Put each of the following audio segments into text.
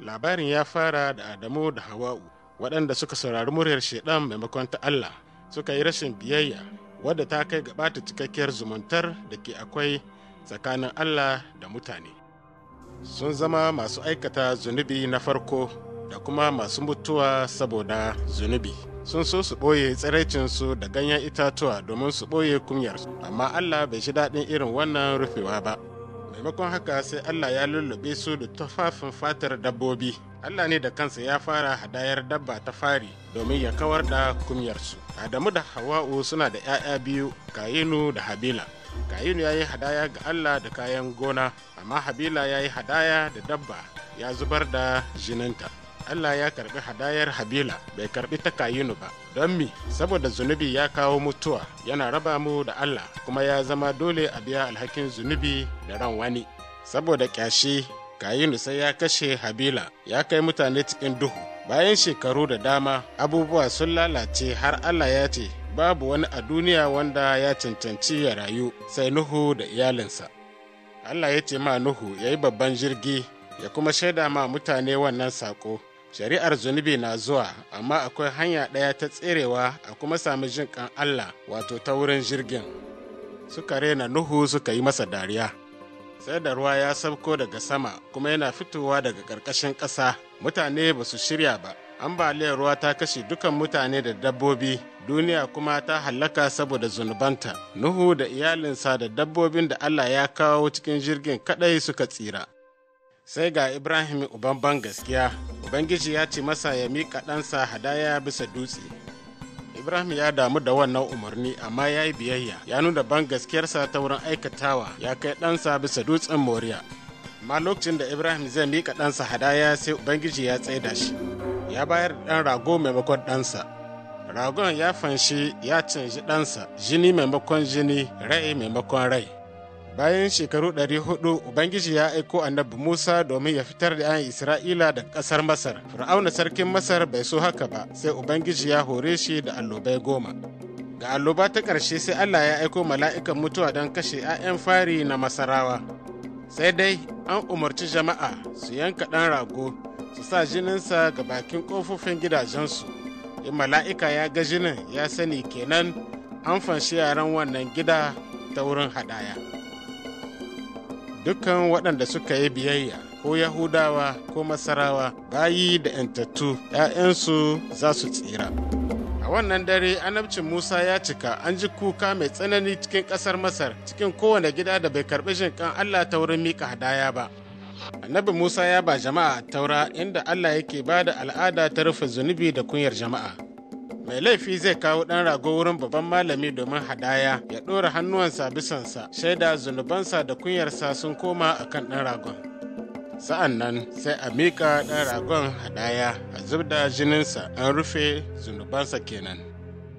labarin ya fara da adamu da hawa'u waɗanda suka saurari muryar shaidan maimakon ta allah suka yi rashin biyayya wadda ta kai ta cikakkiyar zumuntar da ke akwai tsakanin allah da mutane sun zama masu aikata zunubi na farko da kuma masu mutuwa saboda zunubi sun so su ɓoye tsiraicinsu da ganyen itatuwa domin su ɓoye kunyarsu amma allah bai shi daɗin irin wannan rufewa ba maimakon haka sai Allah ya lullube su da tufafin fatar dabbobi Allah ne da kansa ya fara hadayar dabba ta fari domin ya kawar da kumyarsu Adamu da Hawa'u suna da 'ya'ya biyu Kayinu da Habila Kayinu ya yi hadaya ga Allah da kayan gona amma Habila ya yi hadaya da dabba ya zubar da jininta Allah ya karbi hadayar Habila bai karbi ta Kayinu ba. Don mi, saboda zunubi ya kawo mutuwa yana raba mu da Allah kuma ya zama dole a biya alhakin zunubi da ran wani. Saboda kyashi, Kayinu sai ya kashe Habila ya kai mutane cikin duhu. Bayan shekaru da dama, abubuwa sun lalace har Allah ya ce, babu wani a duniya wanda ya cancanci ya rayu sai Nuhu da iyalinsa. Allah ya ce ma Nuhu ya yi babban jirgi ya kuma shaida ma mutane wannan saƙo shari'ar zunubi na zuwa amma akwai hanya ɗaya ta tserewa a kuma sami jin kan Allah wato ta wurin jirgin suka rena nuhu suka yi masa dariya sai da ruwa ya sabko daga sama kuma yana fitowa daga ƙarƙashin ƙasa mutane ba su shirya ba ambaliyar ruwa ta kashe dukan mutane da dabbobi duniya kuma ta hallaka saboda zunubanta nuhu da iyalinsa da dabbobin da allah ya kawo cikin jirgin kadai suka tsira sai ga ibrahim uban gaskiya ubangiji ya ce masa ya mika ɗansa hadaya bisa dutse ibrahim ya damu da wannan umarni amma ya yi biyayya ya nuna ban gaskiyarsa ta wurin aikatawa ya kai ɗansa bisa dutsen moriya amma lokacin da ibrahim zai mika ɗansa hadaya sai ubangiji ya tsaida shi ya bayar ɗan rago maimakon ɗansa ragon ya fanshi ya canji ɗansa jini maimakon jini rai maimakon rai bayan shekaru 400 ubangiji ya aiko annabi musa domin ya fitar da 'yan isra'ila da ƙasar masar fir'auna sarkin masar bai so haka ba sai ubangiji ya hore shi da allobai goma ga alloba ta ƙarshe sai allah ya aiko mala'ikan mutuwa don kashe 'ya'yan fari na masarawa sai dai an umarci jama'a su yanka ɗan rago su sa jininsa ga bakin ƙofofin gidajensu in mala'ika ya ga jinin ya sani kenan an fanshi yaran wannan gida ta wurin hadaya. dukkan waɗanda suka yi biyayya ko Yahudawa ko Masarawa bayi da ‘yantattu ‘ya'yansu za su tsira. A wannan dare annabcin Musa ya cika an ji kuka mai tsanani cikin ƙasar Masar cikin kowane gida da bai karɓi shinkan Allah ta wurin miƙa hadaya ba. Annabi Musa ya ba jama'a taura inda Allah yake ba da al'ada ta rufe zunubi da kunyar jama'a. mai laifi zai kawo ɗan rago wurin babban malami domin hadaya ya ɗora hannuwansa bisansa shaida zunubansa da kunyarsa sun koma a kan ɗan ragon sa'an nan sai a miƙa ɗan ragon hadaya a zub da jininsa an rufe zunubansa kenan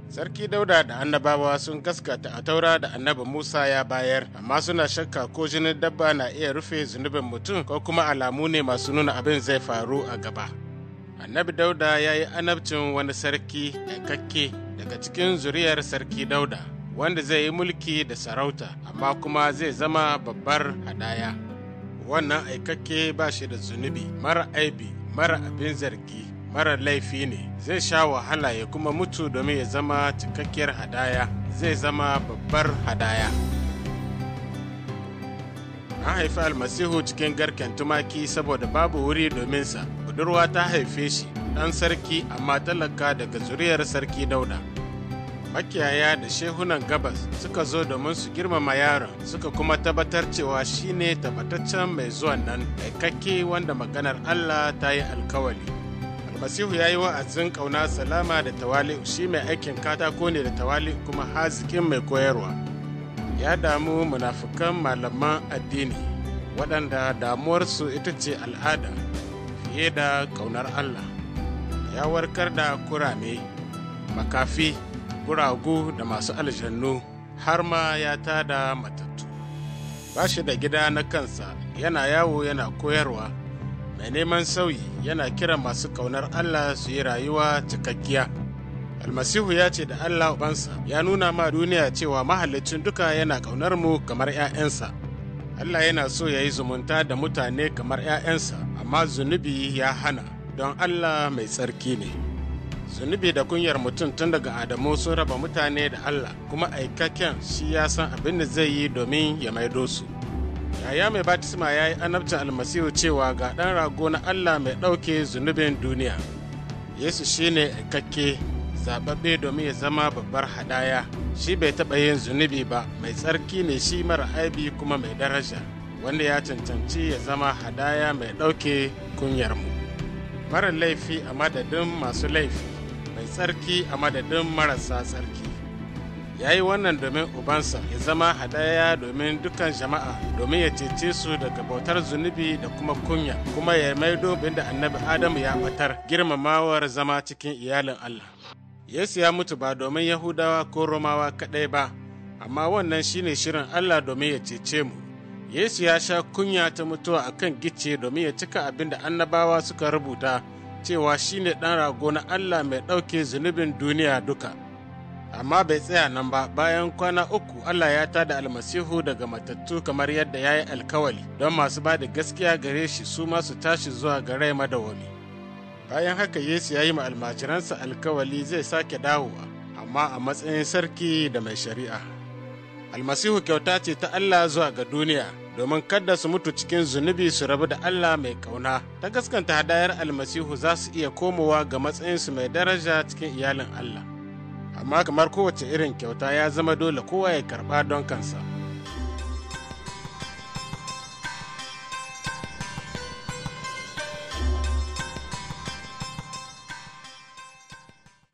sarki dauda da annabawa sun gaskata a taura da annabi musa ya bayar amma suna shakka ko jinin dabba na iya rufe zunubin mutum ko kuma alamu ne masu nuna abin zai faru a gaba annabi dauda ya yi anabcin wani sarki yankakke daga cikin zuriyar sarki dauda wanda zai yi mulki da sarauta amma kuma zai zama babbar hadaya wannan aikakke ba shi da zunubi mara aibi mara abin zargi mara laifi ne zai sha wahala ya kuma mutu domin ya zama cikakkiyar hadaya zai zama babbar hadaya an haifi almasihu cikin garken tumaki saboda babu wuri dominsa budurwa ta haife shi ɗan sarki amma talaka daga zuriyar sarki dauda makiyaya da shehunan gabas suka zo domin su girmama yaron suka kuma tabbatar cewa shine tabbataccen mai zuwan nan aikakke wanda maganar allah ta yi alkawali almasihu ya yi wa'azin ƙauna salama da tawali shi mai aikin katako ne da tawali kuma hazikin mai koyarwa ya damu munafukan malaman addini waɗanda damuwarsu ita ce al'ada ɗauke da ƙaunar Allah, ya warkar da kurame, makafi, guragu da masu aljannu har ma ya tada matattu. Ba shi da gida na kansa yana yawo yana koyarwa, mai neman sauyi yana kira masu ƙaunar Allah su yi rayuwa cikakkiya. Almasihu ya ce da Allah Ubansa ya nuna ma duniya cewa mahallicin duka yana ƙaunar mu kamar ‘ya'yansa. Allah yana so ya yi zumunta da mutane kamar ‘ya'yansa, amma zunubi ya hana, don Allah mai tsarki ne. Zunubi da kunyar mutum tun daga Adamu sun raba mutane da Allah, kuma aikakken shi ya san abin da zai yi domin ya maido su. Yaya mai batisma ya yi annabcin almasihu cewa ga ɗan rago na Allah mai ɗauke zunubin duniya. Yesu shine aikakke zaɓaɓɓe domin ya zama babbar hadaya shi bai taɓa yin zunubi ba mai tsarki ne shi mara aibi kuma mai daraja wanda ya cancanci ya zama hadaya mai ɗauke kunyarmu mara laifi a madadin masu laifi mai tsarki a madadin marasa tsarki ya yi wannan domin ubansa ya zama hadaya domin dukkan jama'a domin ya cece su daga bautar zunubi da kuma kunya kuma ya maido da annabi adamu ya batar girmamawar zama cikin iyalin allah Yesu ya mutu ba domin Yahudawa ko Romawa kaɗai ba, amma wannan shi ne shirin Allah domin ya cece mu. Yesu ya sha kunya ta mutuwa a kan gice domin ya cika abin da annabawa suka rubuta cewa shi ne ɗan rago na Allah mai ɗauke zunubin duniya duka. Amma bai tsaya nan ba bayan kwana uku Allah ya tada almasihu daga matattu kamar yadda ya yi alkawali don masu ba da gaskiya gare shi su masu tashi zuwa ga rai madawami. bayan haka yesu ya yi ma almajiransa alkawali zai sake dawowa amma a matsayin sarki da mai shari'a almasihu kyauta ce ta allah zuwa ga duniya domin kada su mutu cikin zunubi su rabu da allah mai kauna ta gaskanta hadayar almasihu za su iya komowa ga matsayinsu mai daraja cikin iyalin allah amma kamar kowace irin kyauta ya zama dole kowa ya karba don kansa.